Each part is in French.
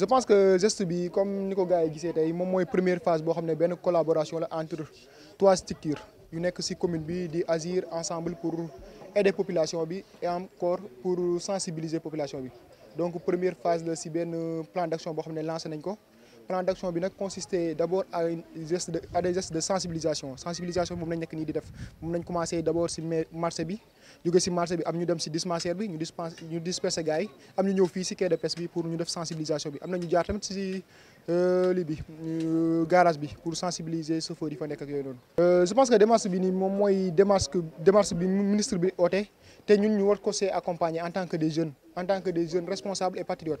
je pense que geste comme Nico ko gars yi gisee première phase de xamné collaboration la entre trois structures yu nek ci commune bi di agir ensemble pour aider population bi et encore pour sensibiliser population bi donc première phase de ci plan d'action est xamné lancé plan d' bi nak consisté d'abord à une geste de à des gestes de sensibilisation sensibilisation mom lañ nek ni di def mom lañ commencé d'abord ci marché bi jóge ci marché bi am ñu dem ci dispensaire bi ñu dispense ñu disperser gars am ñu ñëw fi ci quai de pêche bi pour ñu def sensibilisation bi am na ñu jaar tamit euh li bi garage bi pour sensibiliser chauffeur yi fa nek ak yooyu euh, je pense que démarche bi ni mom moy démarche démarche bi ministre bi oote té ñun ñu war ko sé accompagner en tant que des jeunes en tant que des jeunes responsables et patriotes.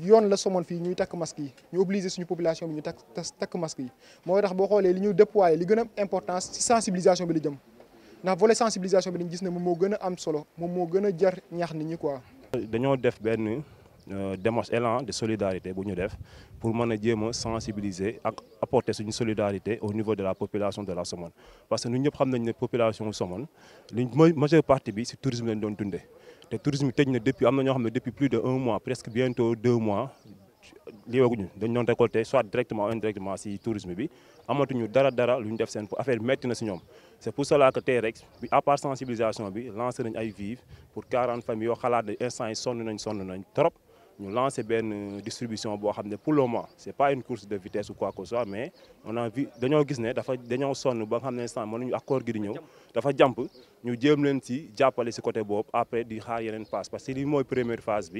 yoon la somone fi ñuy tak masque yi ñu obligé suñu population bi ñu tak tak masque yi moy tax bo xolé li ñu déployer li gëna importance ci sensibilisation bi li jëm ndax volé sensibilisation bi ñu gis ne mo moo gën am solo mo mo gëna a jar ñax nit ñi quoi. dañoo def benn euh, démarche élan de solidarité bu ñu def pour mëna jëma sensibiliser ak apporter suñu solidarité au niveau de la population de la Somone parce que ñun ñëpp xam nañ ne population Somone li majeure partie bi ci tourisme lañ doon dundee. Le tourisme est depuis depuis plus de un mois presque bientôt deux mois Nous avons dañ soit directement ou indirectement si tourisme bi amatuñu dara dara lu ñu pour seen affaire bi C'est pour cela que T-REX, à part la sensibilisation bi lancé ay pour 40 familles qui xalaat ne instant yi sonn nañ trop nous lancer une euh, distribution pour le moment n'est pas une course de vitesse ou quoi que ce soit mais on a vu nous nous nous dafa nous nous nous nous nous instant accord nous avons ñëw dafa nous ñu nous ci côté nous après di xaar parce que nous nous première phase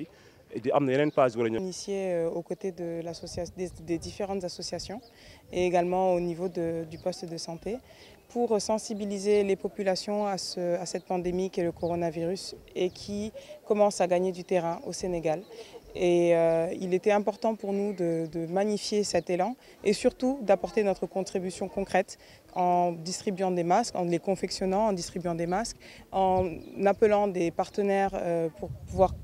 Initié euh, aux côtés de des, des, différentes associations et également au niveau du poste de santé pour sensibiliser les populations à, ce, à cette pandémie qui est le coronavirus et qui commence à gagner du terrain au Sénégal. Et euh, il était important pour nous de, magnifier cet élan et surtout d'apporter notre contribution concrète en distribuant des masques, en les confectionnant, en distribuant des masques, en appelant des partenaires euh, pour pouvoir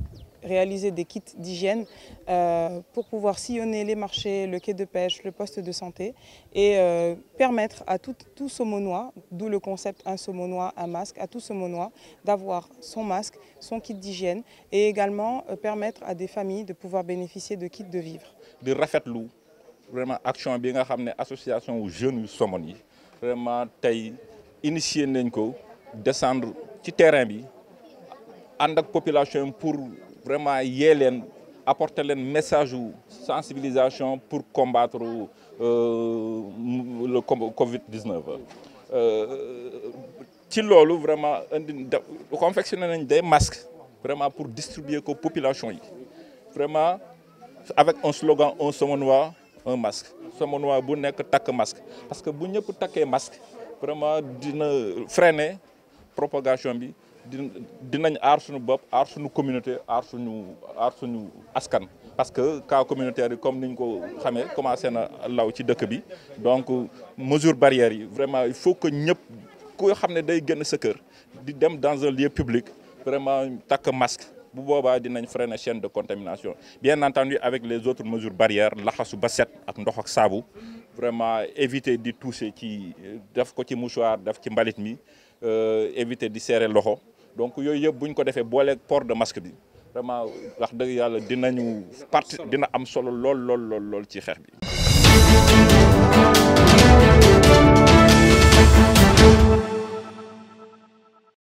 réaliser des kits d'hygiène euh, pour pouvoir sillonner les marchés, le quai de pêche, le poste de santé et euh, permettre à tout, tout saumonois, d'où le concept un saumonois, un masque, à tout saumonois d'avoir son masque, son kit d'hygiène et également euh, permettre à des familles de pouvoir bénéficier de kits de vivre. De Lou, vraiment action bien nga ramener association jeunes saumonies, vraiment tey initier nañ ko descendre le terrain bi population pour vraiment apporter un message ou sensibilisation pour combattre euh, le Covid 19. Euh, ci vraiment confectionner des masques vraiment pour distribuer aux populations. vraiment avec un slogan un noir, un masque noir bu nek un masque parce que bu ñëpp un masque vraiment dina freiner propagation bi dinañ ar suñu bop ar suñu communauté ar suñu ar suñu askan parce que ka communautaire comme nous ko xamé commencé na law ci dëkk bi donc mesure barrière vraiment il faut que ñëpp ku xamné de day gën sa kër di dem dans un lieu public vraiment tak masque bu boba dinañ freiner chaîne de contamination bien entendu avec les autres mesures barrières laxasu ba set ak ndox ak sabu vraiment éviter de toucher ci def ko ci mouchoir def ci mbalit mi euh, éviter de serrer loxo donc yooyu yëpp bu ñu ko defee booleeg port de masque bi vraiment wax dëgg yàlla dinañu parti dina am solo lool lool lool lool ci xeex bi